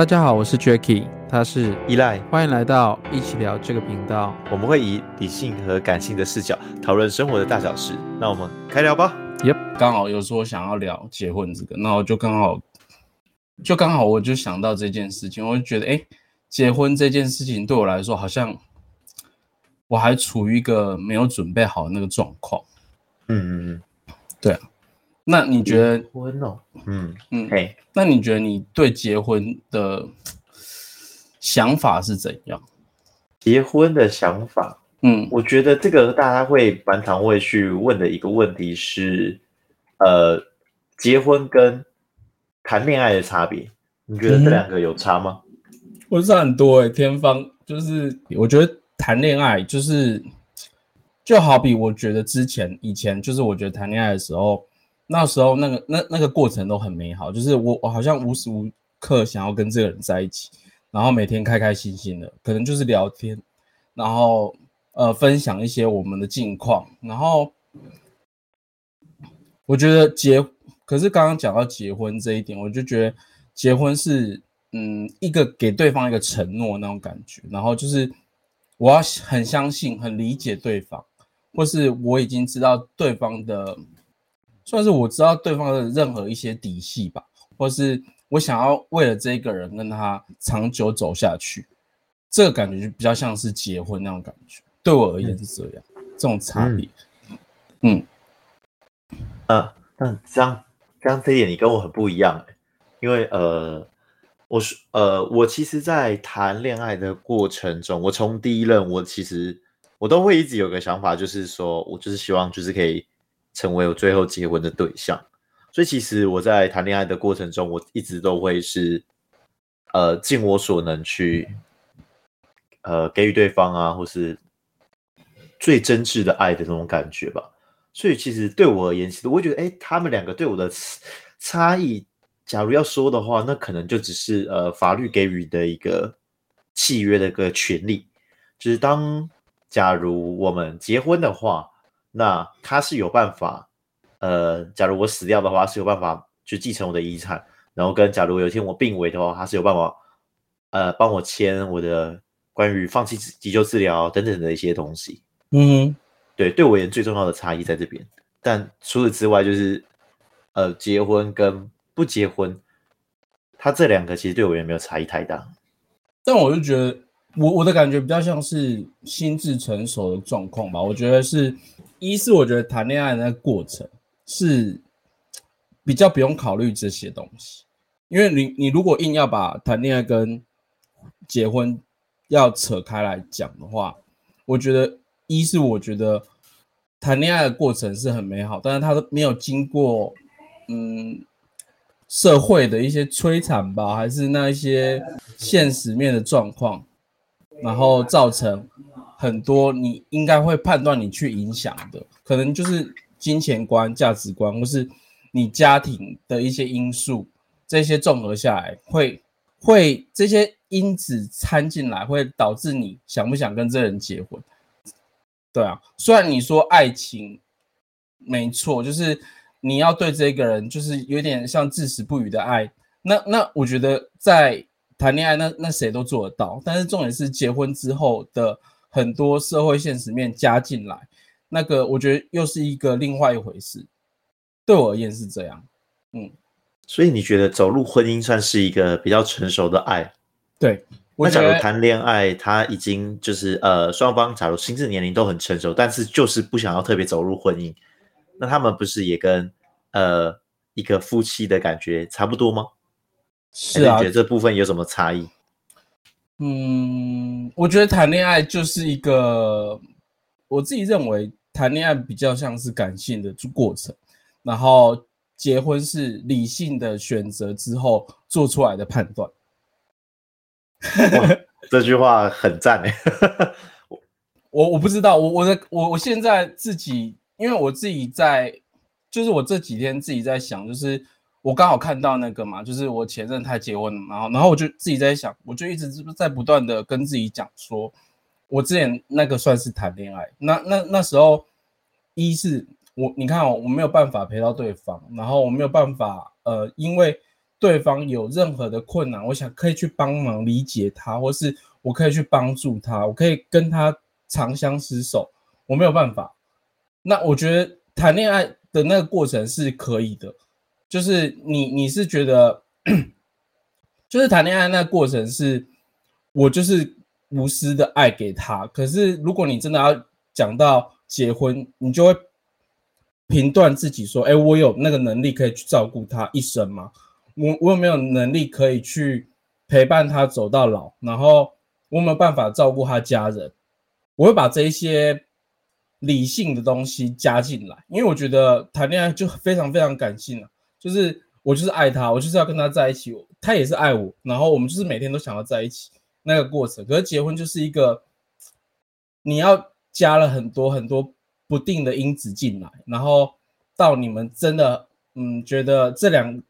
大家好，我是 j a c k e 他是依賴，Eli, 歡迎來到一起聊這個頻道。我們會以理性和感性的視角討論生活的大小事。那我們開聊吧。耶 Yep，剛好有說想要聊結婚這個，那我就剛好，就剛好我就想到這件事情，我就覺得，哎，結婚這件事情對我來說，好像我還處於一個沒有準備好的那個狀況。嗯嗯嗯，對啊。那你覺得？嗯、結婚喔，嗯，哎、嗯，嘿那你覺得你對結婚的想法是怎樣？結婚的想法，嗯，我覺得這個大家會蠻常會去問的一個問題是，呃，結婚跟談戀愛的差別，你覺得這兩個有差嗎？嗯，我是很多哎，欸，天方就是我覺得談戀愛就是就好比我覺得之前以前就是我覺得談戀愛的時候。那時候那個那那個過程都很美好，就是我我好像無時無刻想要跟這個人在一起，然後每天開開心心的，可能就是聊天，然後呃分享一些我們的近況，然後我覺得結可是剛剛講到結婚這一點，我就覺得結婚是嗯一個給對方一個承諾那種感覺，然後就是我要很相信很理解對方，或是我已經知道對方的。算是我知道對方的任何一些底細吧，或是我想要為了這個人跟他長久走下去，這個感覺就比較像是結婚那種感覺，對我而言是這樣，嗯、這種差別，嗯，嗯。嗯、呃，這樣，這樣這一點你跟我很不一樣、欸、因為呃，我是呃，我其實，在談戀愛的過程中，我從第一任我其實我都會一直有個想法，就是說我就是希望就是可以。成為我最後結婚的對象，所以其實我在談戀愛的過程中，我一直都會是呃盡我所能去呃給予對方啊，或是最真摯的愛的那種感覺吧。所以其實對我而言，其實我覺得，哎、欸，他們兩個對我的差異，假如要說的話，那可能就只是呃法律給予的一個契約的一個權利，就是當假如我們結婚的話。那他是有辦法，呃，假如我死掉的話，他是有辦法去繼承我的遺產，然後跟假如有一天我病危的話，他是有辦法，呃，幫我簽我的關於放棄急救治療等等的一些東西。嗯哼，對，對我而言最重要的差異在這邊，但除此之外就是，呃，結婚跟不結婚，他這兩個其實對我而言沒有差異太大，但我就覺得。我我的感覺比較像是心智成熟的狀況吧。我覺得是，一是我覺得談戀愛的那個過程是比較不用考慮這些東西，因為你你如果硬要把談戀愛跟結婚要扯開來講的話，我覺得一是我覺得談戀愛的過程是很美好，但是他都沒有經過嗯社會的一些摧殘吧，還是那一些現實面的狀況。然後造成很多，你應該會判斷你去影響的，可能就是金錢觀、價值觀，或是你家庭的一些因素，這些綜合下來，會會這些因子摻進來，會導致你想不想跟這人結婚？對啊，雖然你說愛情，沒錯，就是你要對這個人，就是有點像至死不渝的愛。那那我覺得在。談戀愛那那誰都做得到，但是重點是結婚之後的很多社會現實面加進來，那個我覺得又是一個另外一回事。對我而言是這樣，嗯。所以你覺得走入婚姻算是一個比較成熟的愛？對。我覺得，那假如談戀愛，他已經就是呃雙方假如心智年齡都很成熟，但是就是不想要特別走入婚姻，那他們不是也跟呃一個夫妻的感覺差不多嗎？是啊，哎，你覺得這部分有什麼差異啊？嗯，我覺得談戀愛就是一個，我自己認為談戀愛比較像是感性的過程，然後結婚是理性的選擇之後做出來的判斷。 這句話很讚誒 我我不知道，我我在我我現在自己，因為我自己在，就是我這幾天自己在想，就是。我剛好看到那個嘛，就是我前任他結婚了嘛，然後我就自己在想，我就一直在不斷的跟自己講說，我之前那個算是談戀愛，那那那時候，一是我，你看哦，我沒有辦法陪到對方，然後我沒有辦法，呃，因為對方有任何的困難，我想可以去幫忙理解他，或是我可以去幫助他，我可以跟他長相厮守，我沒有辦法。那我覺得談戀愛的那個過程是可以的。就是你，你是覺得，就是談戀愛的那個過程是，我就是無私的愛給他。可是如果你真的要講到結婚，你就會評斷自己說，哎，我有那個能力可以去照顧他一生嗎？我我有沒有能力可以去陪伴他走到老？然後我有沒有辦法照顧他家人？我會把這一些理性的東西加進來，因為我覺得談戀愛就非常非常感性了，啊。就是我就是愛他，我就是要跟他在一起，他也是愛我，然後我們就是每天都想要在一起那個過程。可是結婚就是一個，你要加了很多很多不定的因子進來，然後到你們真的嗯覺得這兩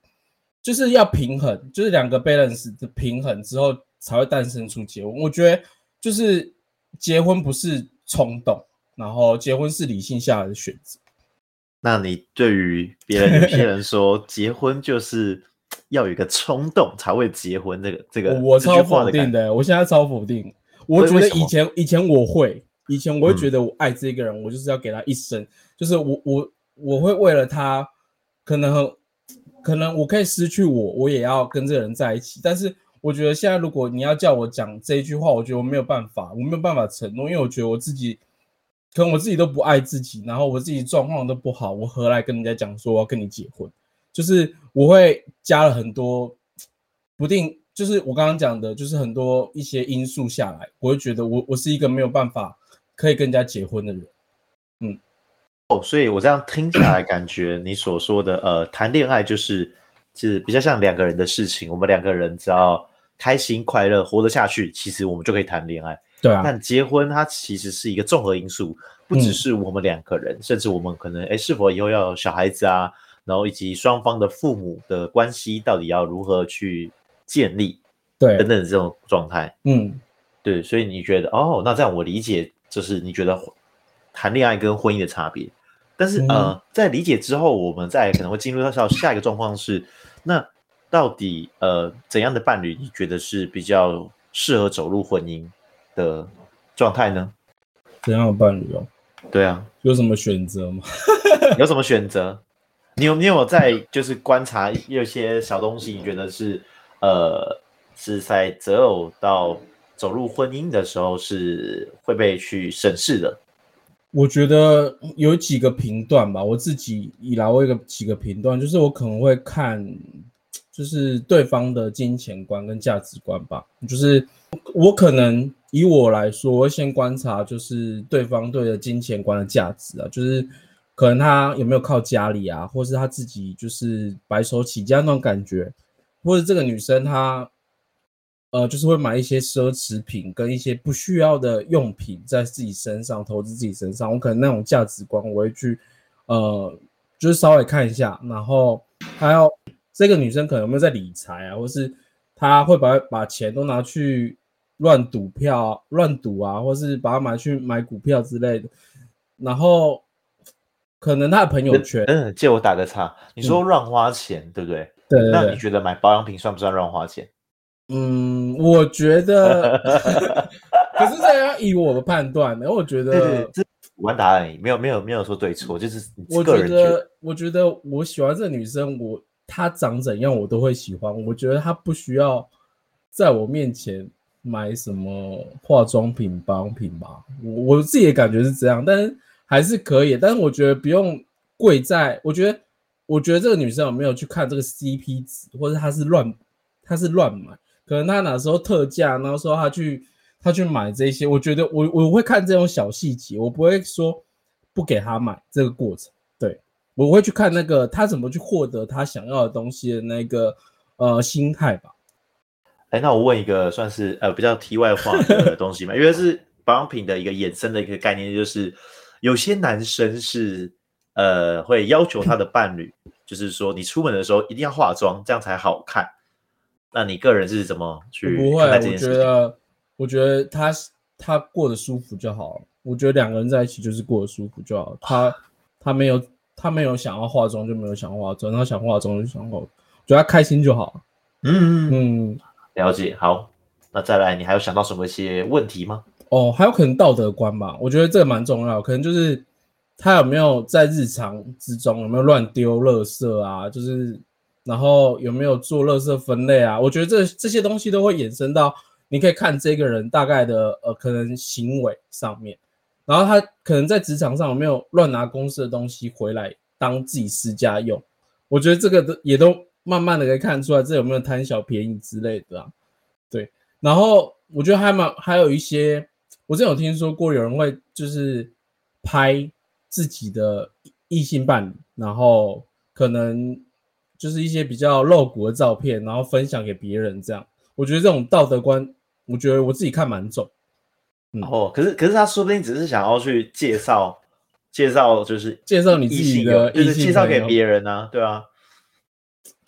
就是要平衡，就是兩個 balance 的平衡之後才會誕生出結婚。我覺得就是結婚不是衝動，然後結婚是理性下來的選擇。那你對於別人，有些人說結婚就是要有一個衝動才會結婚，這個，這個這個，我超否定的。我現在超否定。我覺得以前以前我會，以前我會覺得我愛這個人，我就是要給他一生，嗯、就是我我我會為了他，可能可能我可以失去我，我也要跟這個人在一起。但是我覺得現在如果你要叫我講這一句話，我覺得我沒有辦法，我沒有辦法承諾，因為我覺得我自己。可能我自己都不愛自己，然後我自己狀況都不好，我何來跟人家講說我要跟你結婚？就是我會加了很多不定，就是我剛剛講的，就是很多一些因素下來，我會覺得我我是一個沒有辦法可以跟人家結婚的人。嗯，哦，所以我這樣聽起來，感覺你所說的呃談戀愛就是、就是比較像兩個人的事情，我們兩個人只要開心快樂、活得下去，其實我們就可以談戀愛。對，但結婚它其實是一個綜合因素，不只是我們兩個人，嗯、甚至我們可能哎、欸，是否以後要有小孩子啊，然後以及雙方的父母的關係到底要如何去建立，對，等等的這種狀態，嗯，對，所以你覺得哦，那這樣我理解就是你覺得談戀愛跟婚姻的差別，但是、嗯、呃，在理解之後，我們再可能會進入到下一個狀況是，那到底呃怎樣的伴侶你覺得是比較適合走入婚姻？的狀態呢？怎樣的伴侶哦？對啊，有什麼選擇嗎？ 有什麼選擇？你有你有在就是觀察一些小東西，你覺得是呃是在擇偶到走入婚姻的時候是會被去審視的？我覺得有幾個評斷吧，我自己以來我有幾個評斷，就是我可能會看就是對方的金錢觀跟價值觀吧，就是我可能。以我來說，我先觀察，就是對方對的金錢觀的價值啊，就是可能他有沒有靠家裡啊，或是他自己就是白手起家那種感覺，或者這個女生她，呃，就是會買一些奢侈品跟一些不需要的用品在自己身上投資自己身上，我可能那種價值觀我會去，呃，就是稍微看一下，然後還要這個女生可能有沒有在理財啊，或是她會把把錢都拿去。亂賭票，亂賭啊，或是把它買去買股票之類的，然後可能他的朋友圈，嗯，借我打個岔，你說亂花錢、嗯、對不對？對？對，對，對。那你覺得買保養品算不算亂花錢？嗯，我覺得。 可是這樣以我的判斷我覺得 對，對對，這五答案沒有沒有沒有說對錯，就是覺我覺得，我覺得我喜歡這個女生，我她長怎樣我都會喜歡，我覺得她不需要在我面前。買什麼化妝品、保養品吧，我我自己的感覺是這樣，但是還是可以，但是我覺得不用貴在，我覺得我覺得這個女生有沒有去看這個 CP 值，或者她是亂她是亂買，可能她哪時候特價，然後說她去她去買這些，我覺得我我會看這種小細節，我不會說不給她買這個過程，對，我會去看那個她怎麼去獲得她想要的東西的那個呃心態吧。哎，那我問一個算是呃比較題外話的東西嘛， 因為是保養品的一個衍生的一個概念，就是有些男生是呃會要求他的伴侶， 就是說你出門的時候一定要化妝，這樣才好看。那你個人是怎麼去？我不會。我覺得，我覺得他他過得舒服就好。我覺得兩個人在一起就是過得舒服就好。他他沒有他沒有想要化妝就沒有想化妝，他想化妝就想化妝，覺得他開心就好。嗯嗯。嗯了解，好，那再來，你還有想到什麼一些問題嗎？哦，還有可能道德觀吧，我覺得這個蠻重要。可能就是他有沒有在日常之中有沒有亂丟垃圾啊？就是然後有沒有做垃圾分類啊？我覺得這這些東西都會衍生到你可以看這個人大概的呃可能行為上面。然後他可能在職場上有沒有亂拿公司的東西回來當自己私家用，我覺得這個都也都。慢慢的可以看出來，這有沒有貪小便宜之類的啊？對，然後我覺得還蠻還有一些，我之前有聽說過有人會就是拍自己的異性伴侶，然後可能就是一些比較露骨的照片，然後分享給別人這樣。我覺得這種道德觀，我覺得我自己看蠻重。然後，嗯，哦，可是可是他說不定只是想要去介紹介紹，就是介紹你自己的異性，就是介紹給別人啊，對啊。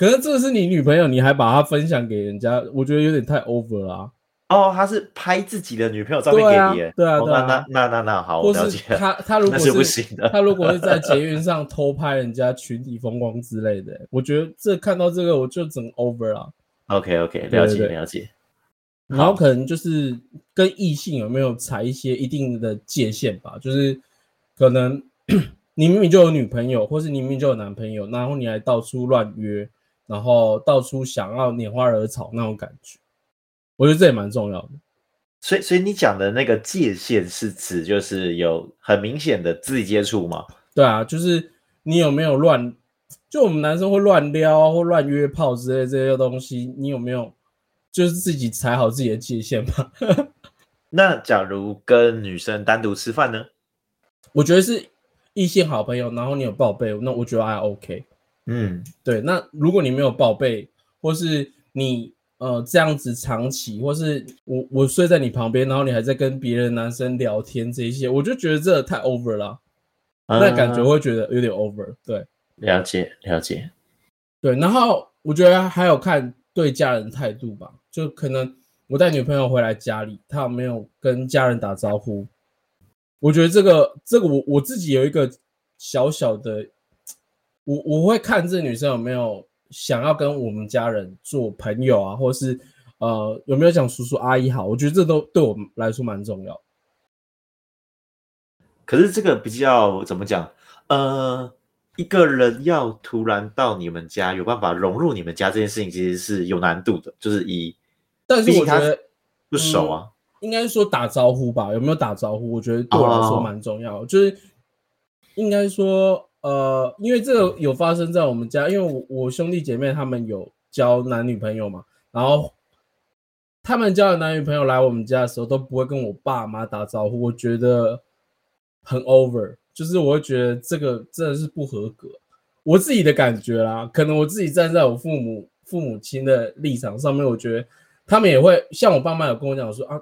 可是這是你女朋友，你還把她分享給人家，我覺得有點太 over 啦、啊。哦，他是拍自己的女朋友照片給你，對啊，對啊，哦、那那、嗯、那那，那，那好，我了解了。他，了他如果是她 如果是在捷運上偷拍人家群體風光之類的，我覺得這看到這個我就整 over 啦。OK OK，了解了解。了解然後可能就是跟異性有沒有踩一些一定的界限吧，好就是可能 你明明就有女朋友，或是你明明就有男朋友，然後你還到處亂約。然後到處想要拈花惹草那種感覺，我覺得這也蠻重要的。所以，所以你講的那個界限是指就是有很明顯的肢體接觸嗎？對啊，就是你有沒有亂？就我們男生會亂撩、啊、或亂約炮之類的這些東西，你有沒有就是自己踩好自己的界限嗎？ 那假如跟女生單獨吃飯呢？我覺得是異性好朋友，然後你有報備，那我覺得還 OK。嗯，對。那如果你沒有報備，或是你呃這樣子長期，或是我我睡在你旁邊，然後你還在跟別人的男生聊天這一些，我就覺得這太 over 了。那、嗯、感覺會覺得有點 over。對。對，了解了解。對，然後我覺得還有看對家人態度吧，就可能我帶女朋友回來家裡，她沒有跟家人打招呼，我覺得這個這個我我自己有一個小小的。我我會看這女生有沒有想要跟我們家人做朋友啊，或是呃有沒有講叔叔阿姨好，我覺得這都對我們來說蠻重要。可是這個比較怎麼講？呃，一個人要突然到你們家，有辦法融入你們家這件事情，其實是有難度的。就是以，但是我覺得不熟啊，嗯，應該說打招呼吧？有沒有打招呼？我覺得對我來說蠻重要。哦，就是應該說。呃，因為這個有發生在我們家，因為我我兄弟姐妹他們有交男女朋友嘛，然後他們交的男女朋友來我們家的時候都不會跟我爸媽打招呼，我覺得很 over，就是我會覺得這個真的是不合格，我自己的感覺啦，可能我自己站在我父母父母親的立場上面，我覺得他們也會像我爸媽有跟我講說啊，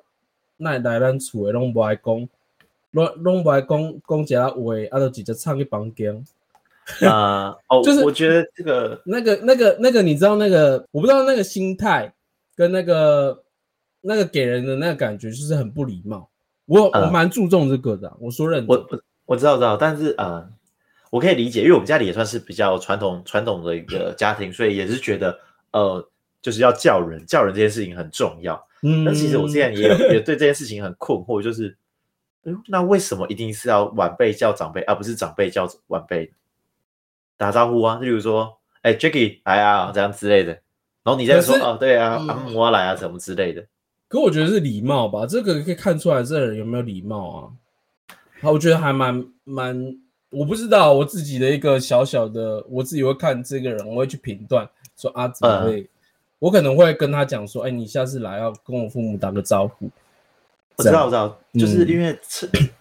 奈來咱厝的攏不愛講。攏攏公公姐阿都隻隻、啊、唱一幫歌。啊、呃，哦， 就是、那個、我覺得這個、那個、那個、那個，你知道那個，我不知道那個心態跟那個、那個給人的那個感覺，就是很不禮貌。我我蠻注重這個的。呃、我說認我我我知道知道，但是呃，我可以理解，因為我們家裡也算是比較傳統傳統的一個家庭， 所以也是覺得呃，就是要叫人叫人這件事情很重要。嗯，那其實我現在也 也對這件事情很困惑，就是。哎呦，那為什麼一定是要晚輩叫長輩，而、啊、不是長輩叫晚輩打招呼啊？例如說，哎、欸、Jacky 來啊，這樣之類的，然後你再說是哦，對啊，阿母、嗯啊、來啊，什麼之類的。可我覺得是禮貌吧，這個可以看出來這個人有沒有禮貌啊。好、啊，我覺得還蠻蠻，我不知道我自己的一個小小的，我自己會看這個人，我會去評斷，說阿、啊、紫、嗯啊、我可能會跟他講說，哎、欸，你下次來要跟我父母打個招呼。我知道我知道，是啊嗯、就是因為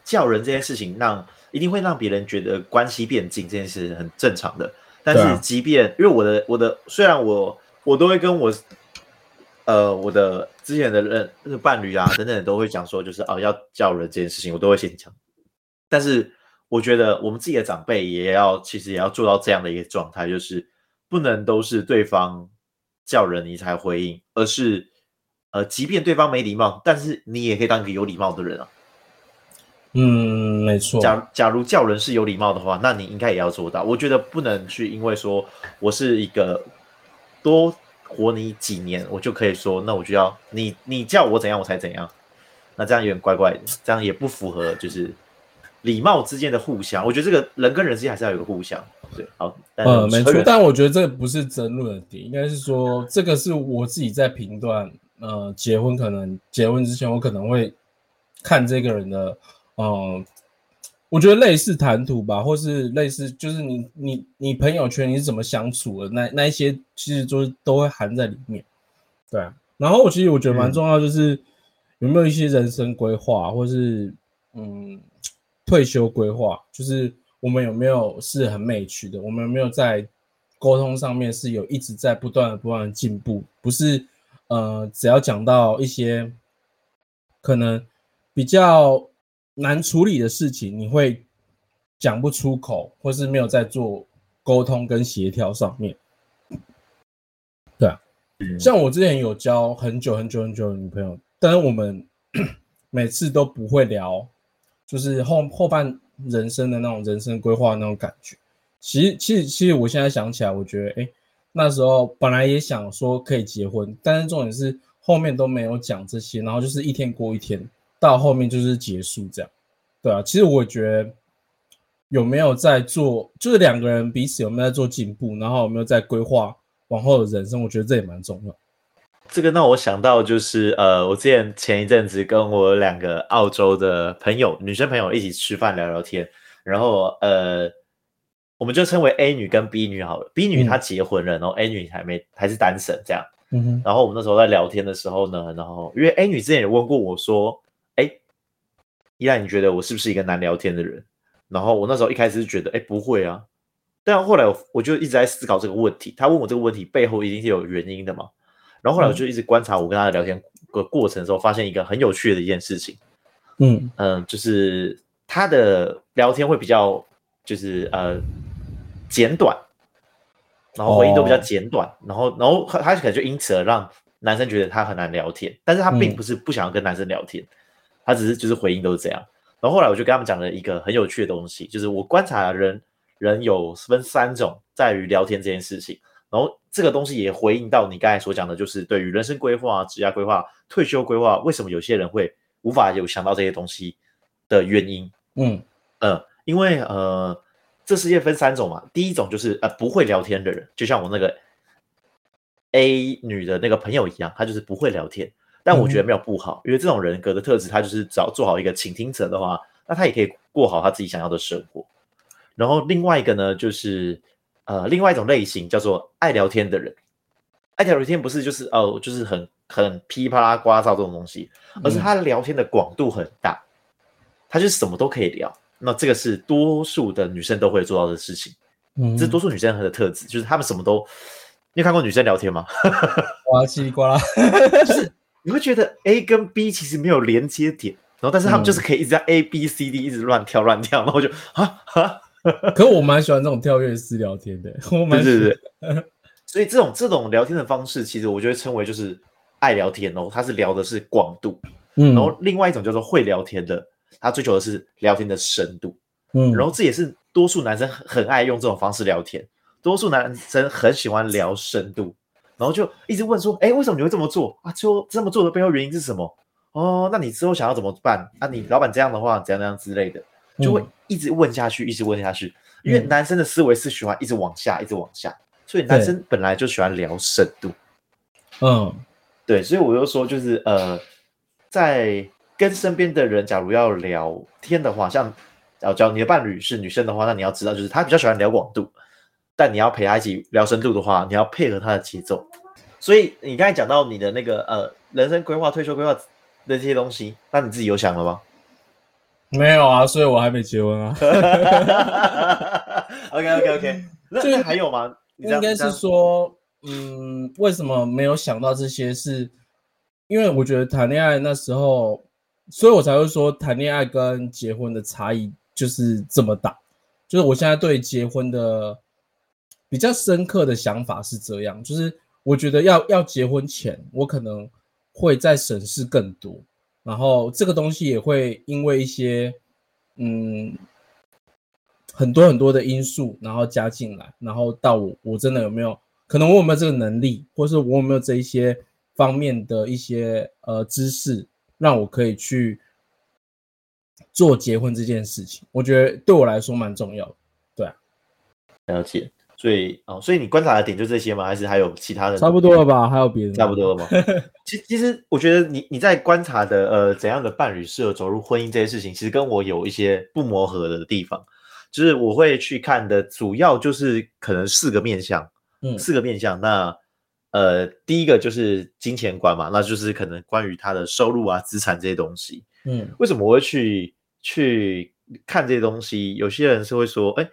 叫人這件事情讓，讓一定會讓別人覺得關係變近，這件事很正常的。但是，即便、啊、因為我的我的，雖然我我都會跟我呃我的之前的人，伴侶啊等等都會講說，就是啊要叫人這件事情，我都會先講。但是，我覺得我們自己的長輩也要，其實也要做到這樣的一個狀態，就是不能都是對方叫人你才回應，而是。呃，即便對方沒禮貌，但是你也可以當一個有禮貌的人啊。嗯，沒錯。假假如叫人是有禮貌的話，那你應該也要做到。我覺得不能去因為說我是一個多活你幾年，我就可以說，那我就要你你叫我怎樣，我才怎樣。那這樣有點怪怪的，這樣也不符合就是禮貌之間的互相。我覺得這個人跟人之間還是要有個互相，對，好。呃，嗯，沒錯。但我覺得這個不是爭論的點，應該是說這個是我自己在評斷。呃、嗯，結婚可能結婚之前，我可能會看這個人的，呃、嗯、我覺得類似談吐吧，或是類似就是你你你朋友圈你是怎麼相處的那那一些，其實就是都會含在裡面。對，然後我其實我覺得蠻重要，就是有沒有一些人生規劃，或是嗯，嗯，退休規劃，就是我們有沒有是很美趣的，我們有沒有在溝通上面是有一直在不斷的不斷的進步，不是。呃，只要講到一些可能比較難處理的事情，你會講不出口，或是沒有在做溝通跟協調上面。對啊，嗯、像我之前有交很久很久很久的女朋友，但是我們每次都不會聊，就是後後半人生的那種人生規劃那種感覺。其實，其實，其實，我現在想起來，我覺得，哎、欸。那時候本來也想說可以結婚，但是重點是後面都沒有講這些，然後就是一天過一天，到後面就是結束這樣。對啊，其實我覺得有沒有在做，就是兩個人彼此有沒有在做進步，然後有沒有在規劃往後的人生，我覺得這也蠻重要。這個讓我想到就是呃，我之前前一陣子跟我兩個澳洲的朋友，女生朋友一起吃飯聊聊天，然後呃。我們就稱為 A 女跟 B 女好了。B 女她結婚了，嗯、然後 A 女還沒還是單身這樣。嗯、哼然後我們那時候在聊天的時候呢，然後因為 A 女之前也問過我說：“哎，依然你覺得我是不是一個難聊天的人？”然後我那時候一開始是覺得：“哎，不會啊。”但後來我就一直在思考這個問題。她問我這個問題背後一定是有原因的嘛。然後後來我就一直觀察我跟她的聊天的過程的時候，發現一個很有趣的一件事情。嗯嗯、呃，就是她的聊天會比較就是呃。簡短，然後回應都比較簡短，oh. 然後然後他可能就因此而讓男生覺得他很難聊天，但是他並不是不想要跟男生聊天，嗯、他只是就是回應都是這樣。然後後來我就跟他們講了一個很有趣的東西，就是我觀察人人有分三種在於聊天這件事情，然後這個東西也回應到你剛才所講的，就是對於人生規劃、職業規劃、退休規劃，為什麼有些人會無法有想到這些東西的原因？嗯嗯、呃，因為呃。這世界分三種嘛，第一種就是呃不會聊天的人，就像我那個 A 女的那個朋友一樣，她就是不會聊天，但我覺得沒有不好，嗯、因為這種人格的特質，她就是只要做好一個傾聽者的話，那她也可以過好她自己想要的生活。然後另外一個呢，就是呃另外一種類型叫做愛聊天的人，愛聊天不是就是哦就是很很噼裡啪啦呱噪這種東西，而是他聊天的廣度很大，嗯、他就是什麼都可以聊。那這個是多數的女生都會做到的事情，嗯，這是多數女生的特質，就是她們什麼都，你有看過女生聊天嗎？ 哇西瓜，嘰哩呱啦，就是你會覺得 A 跟 B 其實沒有連接點，然後但是他們就是可以一直在 A B C D 一直亂跳亂跳，然後就啊，哈哈 可我蠻喜歡這種跳躍式聊天的，我蠻喜歡 所以這種這種聊天的方式，其實我覺得稱為就是愛聊天哦，他是聊的是廣度，嗯，然後另外一種叫做會聊天的。嗯他追求的是聊天的深度，嗯，然後這也是多數男生很愛用這種方式聊天，多數男生很喜歡聊深度，然後就一直問說，哎，為什麼你會這麼做啊？就這麼做的背後原因是什麼？哦，那你之後想要怎麼辦？啊，你老闆這樣的話，怎樣怎樣之類的，就會一直問下去，嗯、一直問下去，因為男生的思維是喜歡一直往下，一直往下，所以男生本來就喜歡聊深度，嗯，對，所以我就說，就是呃，在。跟身邊的人，假如要聊天的話，像，假如你的伴侶是女生的話，那你要知道，就是她比較喜歡聊廣度，但你要陪她一起聊深度的話，你要配合她的節奏。所以你剛才講到你的那個呃，人生規劃、退休規劃的這些東西，那你自己有想了嗎？沒有啊，所以我還沒結婚啊。 OK OK OK，那就還有嗎？應該是說，嗯，為什麼沒有想到這些？是因為我覺得談戀愛那時候。所以，我才會說，談戀愛跟結婚的差異就是這麼大。就是我現在對結婚的比較深刻的想法是這樣，就是我覺得要要結婚前，我可能會再審視更多，然後這個東西也會因為一些嗯很多很多的因素，然後加進來，然後到我我真的有沒有，可能我有沒有這個能力，或是我有沒有這一些方面的一些呃知識。讓我可以去做結婚這件事情，我覺得對我來說蠻重要的。對啊，了解。所以哦，所以你觀察的點就這些嗎？還是還有其他的？差不多了吧？還有別人？差不多了嗎？其 其實，我覺得你你在觀察的呃，怎樣的伴侶適合走入婚姻這些事情，其實跟我有一些不磨合的地方。就是我會去看的主要就是可能四個面向，嗯，四個面向。那呃，第一個就是金錢觀嘛，那就是可能關於他的收入啊、資產這些東西。嗯，為什麼我會去去看這些東西？有些人是會說，哎、欸，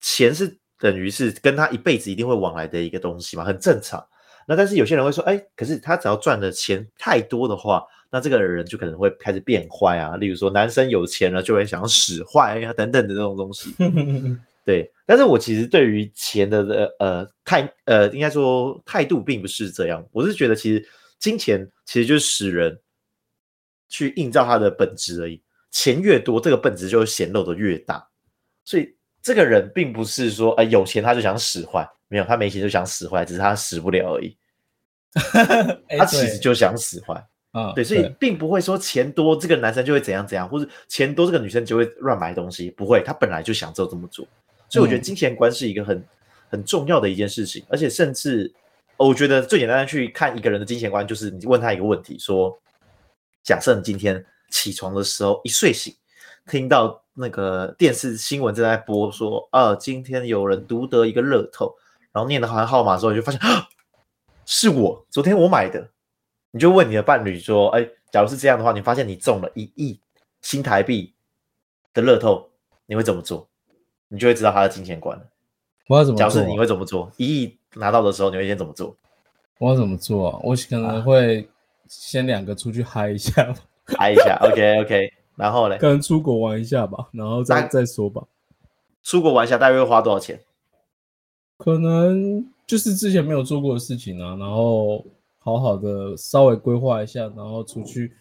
錢是等於是跟他一輩子一定會往來的一個東西嘛，很正常。那但是有些人會說，哎、欸，可是他只要賺的錢太多的話，那這個人就可能會開始變壞啊。例如說，男生有錢了就會想要使壞啊等等的這種東西。 對，但是我其實對於錢的呃呃態呃，應該說態度並不是這樣。我是覺得其實金錢其實就是使人去映照他的本質而已。錢越多，這個本質就會顯露的越大。所以這個人並不是說呃有錢他就想使壞，沒有，他沒錢就想使壞，只是他使不了而已。 他其實就想使壞，啊，對，所以並不會說錢多這個男生就會怎樣怎樣，或是錢多這個女生就會亂買東西，不會，他本來就想做這麼做。所以我覺得金錢觀是一個很很重要的一件事情，嗯、而且甚至、哦，我覺得最簡單的去看一個人的金錢觀，就是你問他一個問題：說，假設你今天起床的時候一睡醒，聽到那個電視新聞正在播說，說啊，今天有人獨得一個樂透，然後念的好像號碼之後，你就發現啊，是我昨天我買的，你就問你的伴侶說：哎、欸，假如是這樣的話，你發現你中了一億新台幣的樂透，你會怎麼做？你就會知道他的金錢觀了。我要怎麼做、啊？假設你會怎麼做？一億拿到的時候，你會先怎麼做？我要怎麼做、啊、我可能會先兩個出去嗨一下、啊， 嗨一下。OK OK。然後嘞？可能出國玩一下吧，然後再那再說吧。出國玩一下大約會花多少錢？可能就是之前沒有做過的事情啊，然後好好的稍微規劃一下，然後出去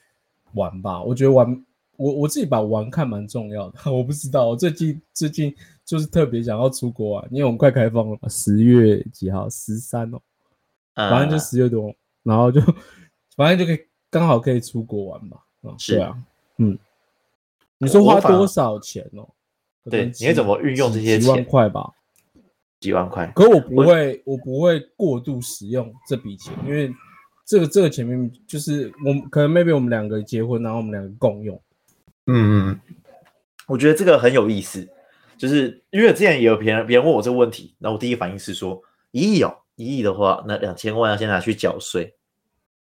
玩吧。我覺得玩，我我自己把玩看蠻重要的。我不知道，我最近最近。就是特別想要出國玩，因為我們快開放了嘛，十月幾號？十三哦、喔，反正就十月多，嗯、然後就反正就可以剛好可以出國玩吧。是啊，嗯，你說花多少錢哦、喔？反幾對，你怎麼運用這些錢幾萬塊吧？幾萬塊？可我不會，我，我不會過度使用這筆錢，因為這個這個錢明明就是我們可能 maybe 我們兩個結婚，然後我們兩個共用。嗯嗯，我覺得這個很有意思。就是因為之前也有別人別人問我這個問題，那我第一反應是說一億哦，一億、喔、的話，那兩千萬要先拿去繳稅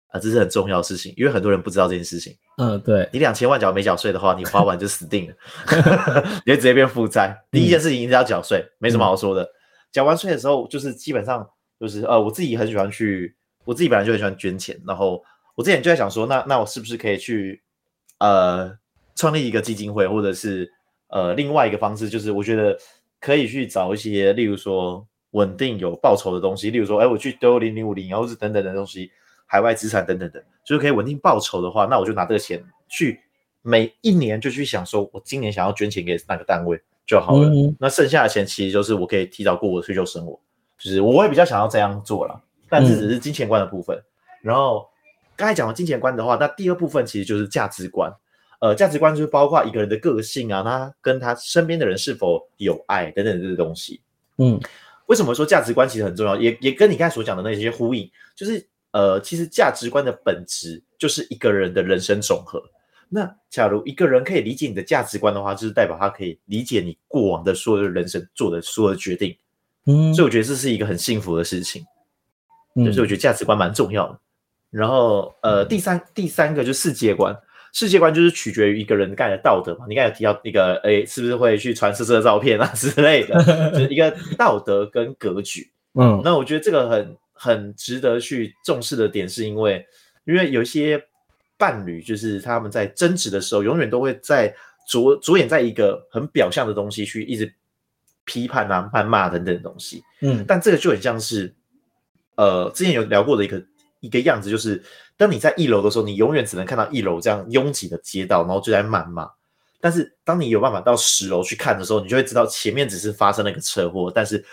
啊，這是很重要的事情，因為很多人不知道這件事情。嗯，對，你兩千萬繳沒繳稅的話，你花完就死定了， 你就直接變負債。第 一件事情一定要繳稅，嗯、沒什麼好說的。繳完稅的時候，就是基本上就是呃，我自己很喜歡去，我自己本來就很喜歡捐錢，然後我之前就在想說，那那我是不是可以去呃創立一個基金會，或者是？呃，另外一個方式就是，我覺得可以去找一些，例如說穩定有報酬的東西，例如說，哎，我去丟零零五零，或者是等等的東西，海外資產等等等，就是可以穩定報酬的話，那我就拿這個錢去每一年就去想說，我今年想要捐錢給哪個單位就好了。嗯、那剩下的錢其實就是我可以提早過我的退休生活，就是我會比較想要這樣做了。但這只是金錢觀的部分。嗯、然後剛才講了金錢觀的話，那第二部分其實就是價值觀。呃，價值觀就是包括一個人的個性啊，他跟他身邊的人是否有愛等等這些東西。嗯，為什麼說價值觀其實很重要？也也跟你剛才所講的那些呼應，就是呃，其實價值觀的本質就是一個人的人生總和。那假如一個人可以理解你的價值觀的話，就是代表他可以理解你過往的所有的人生做的所有的決定。嗯，所以我覺得這是一個很幸福的事情。嗯，所以我覺得價值觀蠻重要的。然後呃，第三、嗯、第三個就是世界觀。世界觀就是取決於一個人的道德嘛。你剛才有提到那個，誒、欸、是不是會去傳色色的照片啊之類的？就是、一個道德跟格局，嗯， 那我覺得這個很很值得去重視的點，是因為因為有一些伴侶，就是他們在爭執的時候，永遠都會在着着眼在一個很表象的東西去一直批判啊、謾罵等等的東西，嗯，但這個就很像是，呃，之前有聊過的一個一個樣子，就是。當你在一樓的時候，你永遠只能看到一樓這樣擁擠的街道，然後就在謾罵。但是，當你有辦法到十樓去看的時候，你就會知道前面只是發生了一個車禍，但是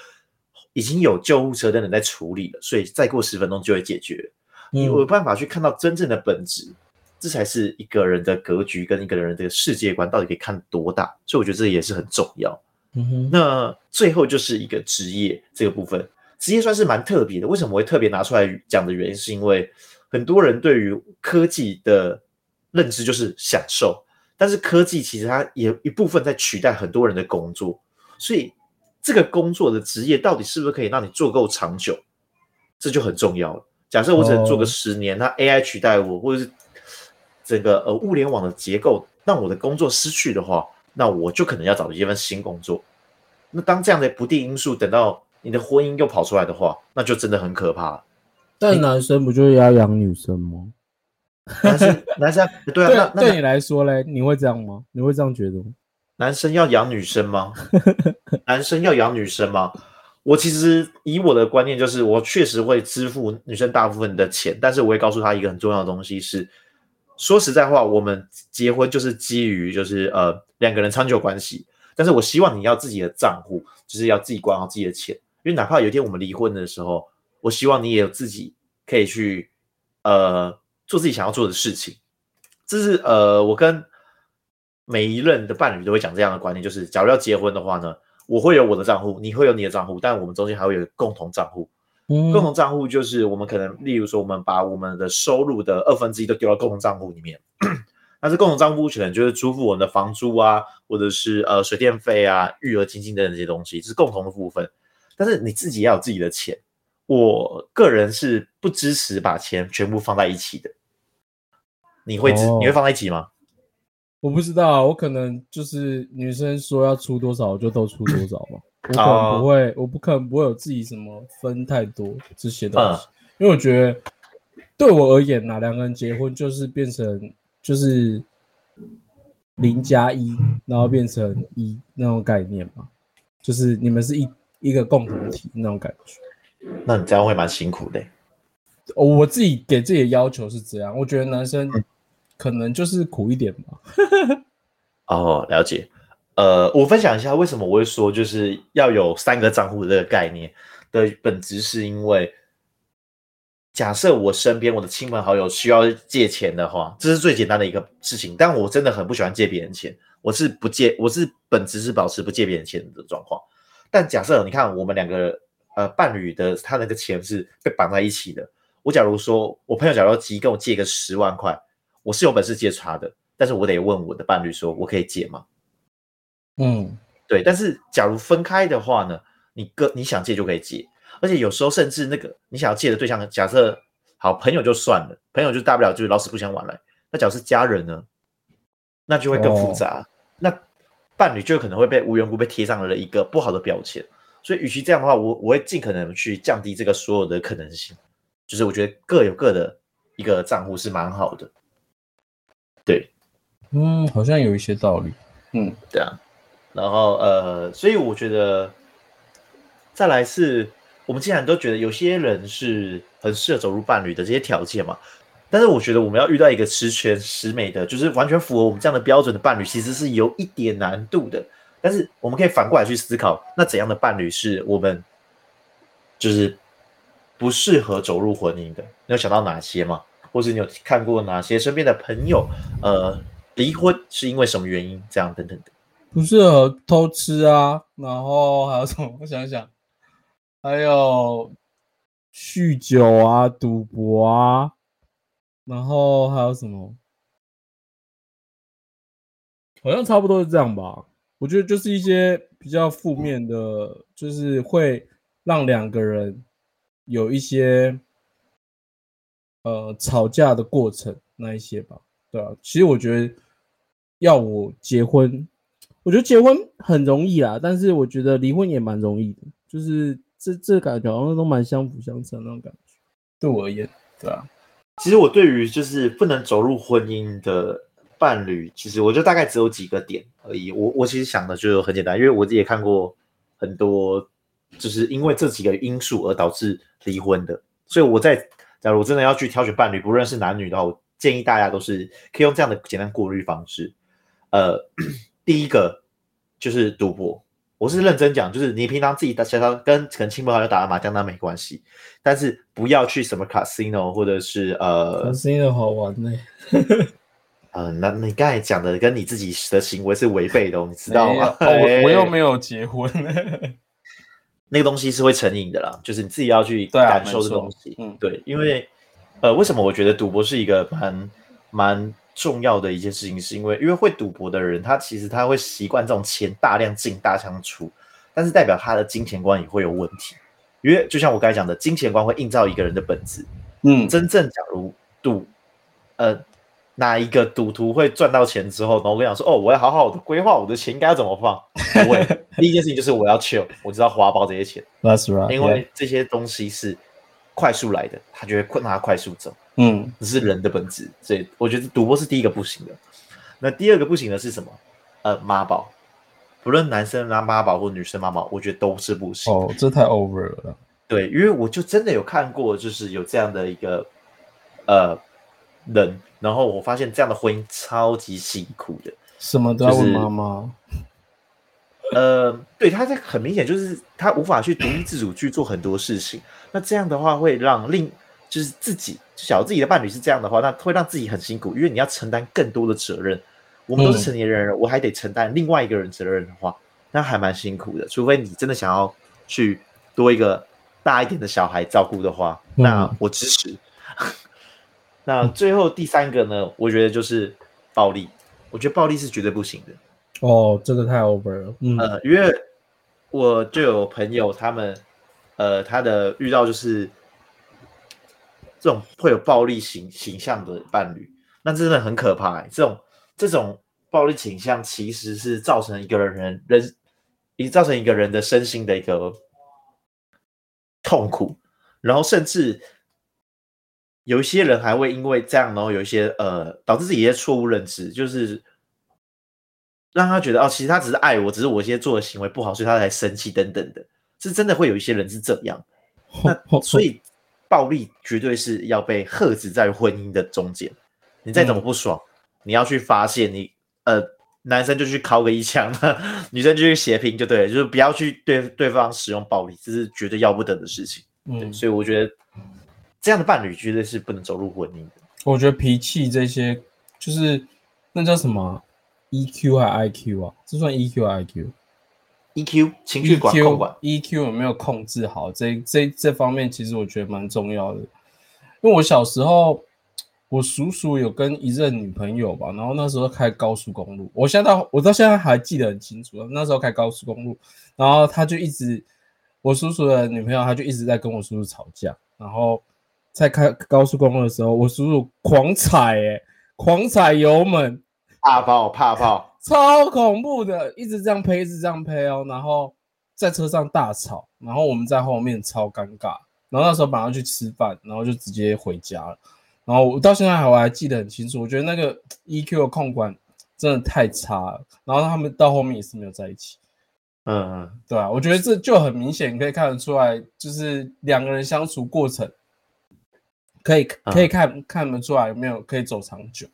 已經有救護車的人在處理了，所以再過十分鐘就會解決。你有辦法去看到真正的本質，嗯、這才是一個人的格局跟一個人的世界觀到底可以看多大。所以，我覺得這也是很重要。嗯、哼那最後就是一個職業這個部分，職業算是蠻特別的。為什麼我會特別拿出來講的原因，是因為。很多人對於科技的認知就是享受，但是科技其實它也一部分在取代很多人的工作，所以這個工作的職業到底是不是可以讓你做夠長久，這就很重要了。假設我只能做個十年，oh. 那 AI 取代我，或者是整個呃物聯網的結構讓我的工作失去的話，那我就可能要找一份新工作。那當這樣的不定因素等到你的婚姻又跑出來的話，那就真的很可怕了。但男生不就是要養女生嗎？ 男生男生，對啊， 對，那那你來說嘞，你會這樣嗎？你會這樣覺得嗎？男生要養女生嗎？ 男生要養女生嗎？我其實以我的觀念就是，我確實會支付女生大部分的錢，但是我會告訴他一個很重要的東西是：說實在話，我們結婚就是基於就是呃兩個人長久關係，但是我希望你要自己的賬戶，就是要自己管好自己的錢，因為哪怕有一天我們離婚的時候。我希望你也有自己可以去，呃，做自己想要做的事情。這是呃，我跟每一任的伴侶都會講這樣的觀念，就是假如要結婚的話呢，我會有我的賬戶，你會有你的賬戶，但我們中間還會有共同賬戶。嗯、共同賬戶就是我們可能，例如說，我們把我們的收入的二分之一都丟到共同賬戶裡面。但 是共同賬戶可能就是支付我們的房租啊，或者是呃水電費啊、育兒基金等等這些東西，這是共同的部分。但是你自己要有自己的錢。我個人是不支持把錢全部放在一起的。你會，oh, 你會放在一起嗎？我不知道，我可能就是女生說要出多少就都出多少嘛。我可能不會，oh. 我不可能不會有自己什麼分太多這些東西。Uh. 因為我覺得，對我而言呢，兩個人結婚就是變成就是零加一，然後變成一那種概念嘛，就是你們是一一個共同體那種感覺。那你這樣會蠻辛苦的欸。哦，我自己給自己的要求是這樣，我覺得男生可能就是苦一點嘛。 哦，了解。呃，我分享一下為什麼我會說就是要有三個賬戶這個概念的本質，是因為假設我身邊我的親朋好友需要借錢的話，這是最簡單的一個事情。但我真的很不喜歡借別人錢，我是不借，我是本質是保持不借別人錢的狀況。但假設你看我們兩個。呃，伴侶的他那個錢是被綁在一起的。我假如說，我朋友假如急跟我借個十萬塊，我是有本事借差他的，但是我得問我的伴侶說，我可以借嗎？嗯，對。但是假如分開的話呢，你個你想借就可以借，而且有時候甚至那個你想要借的對象，假設好朋友就算了，朋友就大不了就是老死不相往來。那假如是家人呢，那就會更複雜。哦，那伴侶就可能會被無緣無故被貼上了一個不好的標籤。所以，與其這樣的話，我我會盡可能去降低這個所有的可能性。就是我覺得各有各的一個賬戶是蠻好的。對，嗯，好像有一些道理。嗯，對啊。然後，呃，所以我覺得再來是我們既然都覺得有些人是很適合走入伴侶的這些條件嘛，但是我覺得我們要遇到一個十全十美的，就是完全符合我們這樣的標準的伴侶，其實是有一點難度的。但是我們可以反過來去思考，那怎樣的伴侶是我們就是不適合走入婚姻的？你有想到哪些嗎？或者你有看過哪些身邊的朋友，呃，離婚是因為什麼原因？這樣等等的，不適合偷吃啊，然後還有什麼？我想一想，還有酗酒啊，賭博啊，然後還有什麼？好像差不多是這樣吧。我覺得就是一些比較負面的，就是會讓兩個人有一些呃吵架的過程那一些吧，對啊，其實我覺得要我結婚，我覺得結婚很容易啊，但是我覺得離婚也蠻容易的，就是這這感覺，好像都蠻相輔相成那種感覺，對我而言，對啊。其實我對於就是不能走入婚姻的。伴侶其實，我覺得大概只有幾個點而已。我我其實想的就是很簡單，因為我自己也看過很多，就是因為這幾個因素而導致離婚的。所以我在假如我真的要去挑選伴侶，不論是男女的話，我建議大家都是可以用這樣的簡單過濾方式。呃，第一個就是賭博，我是認真講，就是你平常自己打小跟跟親朋好友打麻將那沒關係，但是不要去什麼 casino 或者是呃， casino 好玩呢？ 嗯，那、呃、你剛才講的跟你自己的行為是違背的，哦，你知道嗎？欸哦，我我又沒有結婚，那個東西是會成癮的啦，就是你自己要去感受這東西。啊，嗯，對，因為呃，為什麼我覺得賭博是一個蠻蠻重要的一件事情？是因為因為會賭博的人，他其實他會習慣這種錢大量進、大量出，但是代表他的金錢觀也會有問題。因為就像我剛才講的，金錢觀會映照一個人的本質。嗯，真正假如賭，呃。哪一個賭徒會賺到錢之後，然後我跟你講說，哦，我要好好的規劃我的錢該怎麼放。我 第一件事情就是我要去，我知道花包這些錢 That's right, 因為這些東西是快速來的，yeah. 他就會困他快速走，嗯，這是人的本質。所以我覺得賭博是第一個不行的。那第二個不行的是什麼？呃，媽寶，不論男生拿媽寶或女生媽寶，我覺得都是不行。哦，oh, 這太 over 了。對，因為我就真的有看過，就是有這樣的一個，呃。人，然後我發現這樣的婚姻超級辛苦的，什麼都是媽媽，就是。呃，對，他這很明顯就是他無法去獨立自主去做很多事情。 那這樣的話會讓另就是自己小自己的伴侶是這樣的話，那會讓自己很辛苦，因為你要承擔更多的責任。我們都是成年人，嗯、我還得承擔另外一個人責任的話，那還蠻辛苦的。除非你真的想要去多一個大一點的小孩照顧的話，嗯、那我支持。那最後第三個呢？我覺得就是暴力。我覺得暴力是絕對不行的。哦，真的太 over 了。嗯、呃，因為我就有朋友，他們呃，他的遇到就是這種會有暴力形形象的伴侶，那真的很可怕、欸。這種這種暴力傾向，其實是造成一個人人，也造成一個人的身心的一個痛苦，然後甚至。有一些人還會因為這樣，然後有一些呃，導致自己一些錯誤認知，就是讓他覺得哦，其實他只是愛我，只是我一些做的行為不好，所以他才生氣等等的。是真的會有一些人是這樣。那所以暴力絕對是要被遏制在婚姻的中間。你再怎麼不爽，嗯、你要去發泄，你呃，男生就去尻個一槍，女生就去斜劈，就對了，就是不要去對對方使用暴力，這是絕對要不得的事情。嗯對，所以我覺得。這樣的伴侶絕對是不能走入婚姻的。我覺得脾氣這些，就是那叫什麼，EQ 還 IQ 啊？這算、e、還 EQ 還 IQ？EQ 情緒管控吧。EQ, EQ 有沒有控制好？這這這，這方面其實我覺得蠻重要的。因為我小時候，我叔叔有跟一任女朋友吧，然後那時候開高速公路，我現在到我到現在還記得很清楚。那時候開高速公路，然後他就一直，我叔叔的女朋友，她就一直在跟我叔叔吵架，然後。在開高速公路的時候，我叔叔狂踩、欸，哎，狂踩油門，怕爆怕爆，怕爆，超恐怖的，一直這樣拍，一直這樣拍哦。然後在車上大吵，然後我們在後面超尷尬。然後那時候馬上去吃飯，然後就直接回家了。然後我到現在我還記得很清楚，我覺得那個 EQ 的控管真的太差了。然後他們到後面也是沒有在一起。嗯嗯，對啊，我覺得這就很明顯你可以看得出來，就是兩個人相處過程。可以可以看，嗯、看得出來有沒有可以走長久，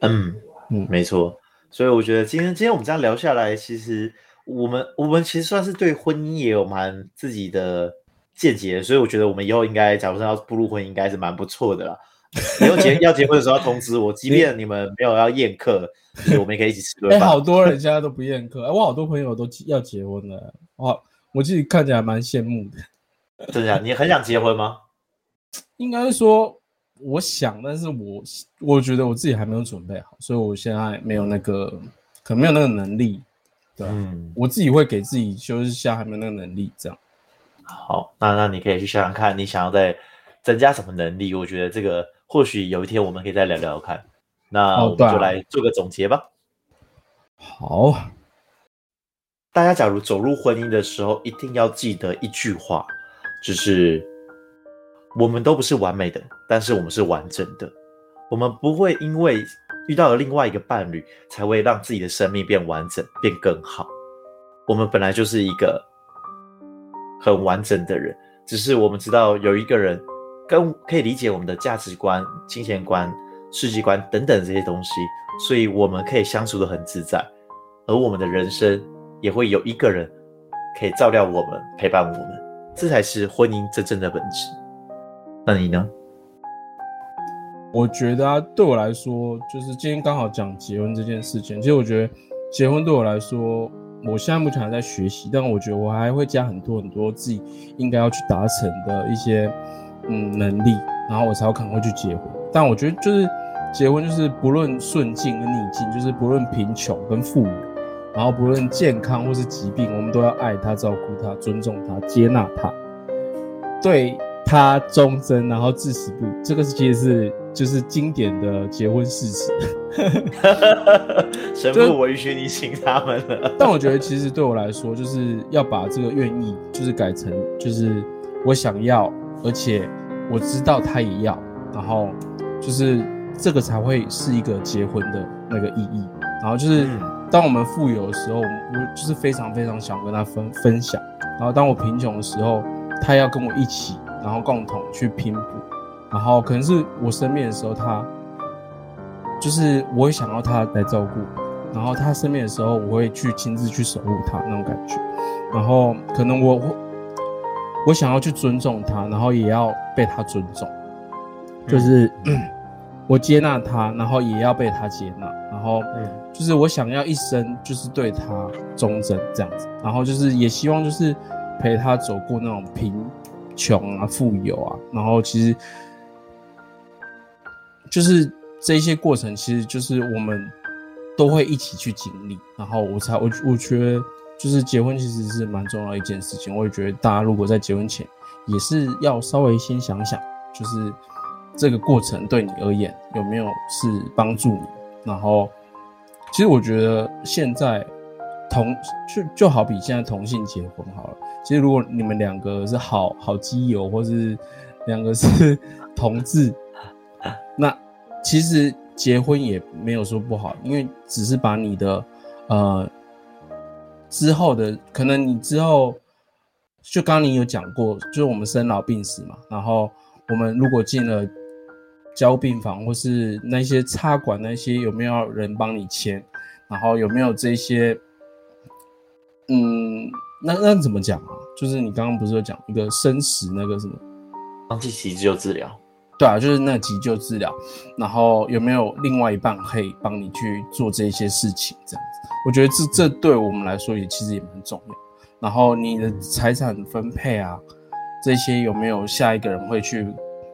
嗯嗯，沒錯，所以我覺得今天今天我們這樣聊下來，其實我們我們其實算是對婚姻也有蠻自己的見解，所以我覺得我們以後應該，假如說要步入婚姻，應該是蠻不錯的啦。以後結要結婚的時候要通知我，即便你們沒有要宴客， 所以我們也可以一起吃頓飯。欸。好多人現在都不宴客，哎、啊，我好多朋友都要結婚了，哇，我自己看起來蠻羨慕的。真的， 你很想結婚嗎？ 應該是說，我想，但是我我覺得我自己還沒有準備好，所以我現在沒有那個，嗯、可能沒有那個能力。對、啊，嗯、我自己會給自己，就是現在還沒有那個能力，這樣。好，那那你可以去想想看，你想要再增加什麼能力？我覺得這個或許有一天我們可以再聊聊看。那我們就來做個總結吧。好、哦、啊、大家假如走入婚姻的時候，一定要記得一句話，就是。我們都不是完美的，但是我們是完整的。我們不會因為遇到了另外一個伴侶，才會讓自己的生命變完整，變更好。我們本來就是一個很完整的人，只是我們知道有一個人更可以理解我們的價值觀、金錢觀、世界觀等等這些東西，所以我們可以相處得很自在。而我們的人生也會有一個人可以照料我們、陪伴我們，這才是婚姻真正的本質。那你呢？我覺得啊，對我來說，就是今天剛好講結婚這件事情。其實我覺得，結婚對我來說，我現在目前還在學習，但我覺得我還會加很多很多自己應該要去達成的一些嗯能力，然後我才有可能會去結婚。但我覺得，就是結婚，就是不論順境跟逆境，就是不論貧窮跟富裕，然後不論健康或是疾病，我們都要愛他、照顧他、尊重他、接納他。對。他忠貞，然後至死不渝，這個其實是就是經典的結婚誓詞， 神不允許你請他們了。但我覺得其實對我來說，就是要把這個願意就是改成就是我想要，而且我知道他也要，然後就是這個才會是一個結婚的那個意義。然後就是當我們富有的時候，我就是非常非常想跟他分分享。然後當我貧窮的時候，他要跟我一起。然後共同去拼搏，然後可能是我生病的時候他，他就是我會想要他來照顧，然後他生病的時候，我會去親自去守護他那種感覺。然後可能我我想要去尊重他，然後也要被他尊重，就是、嗯、 我接納他，然後也要被他接納，然後就是我想要一生就是對他忠貞這樣子，然後就是也希望就是陪他走過那種平。窮啊，富有啊，然後其實就是這些過程，其實就是我們都會一起去經歷。然後我才，我才我我覺得就是結婚其實是蠻重要的一件事情。我也覺得，大家如果在結婚前也是要稍微先想想，就是這個過程對你而言有沒有是幫助你。然後，其實我覺得現在同就就好比現在同性結婚好了。其實，如果你們兩個是好好基友，或是兩個是同志，那其實結婚也沒有說不好，因為只是把你的呃之後的，可能你之後就剛剛你有講過，就是我們生老病死嘛，然後我們如果進了交病房或是那些插管那些，有沒有人幫你簽？然後有沒有這些？嗯。那那怎麼講啊？就是你剛剛不是有講一個生死那個什麼，放棄、啊、急救治療？對啊，就是那急救治療。然後有沒有另外一半可以幫你去做這些事情？這樣子，我覺得這這對我們來說也其實也蠻重要。然後你的財產分配啊，這些有沒有下一個人會去？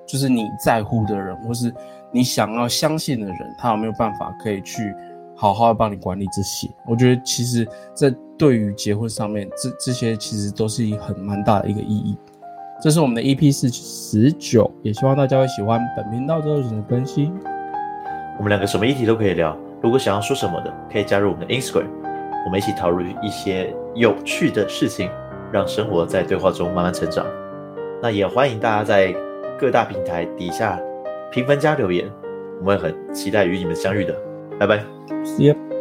就是你在乎的人，或是你想要相信的人，他有沒有辦法可以去好好幫你管理這些？我覺得其實這。對於結婚上面，這這些其實都是一個很蠻大的一個意義。這是我們的 EP 四十九，也希望大家會喜歡本頻道之後的更新。我們兩個什麼議題都可以聊，如果想要說什麼的，可以加入我們的 Instagram，我們一起討論一些有趣的事情，讓生活在對話中慢慢成長。那也歡迎大家在各大平台底下評分加留言，我們很期待與你們相遇的。拜拜，See you.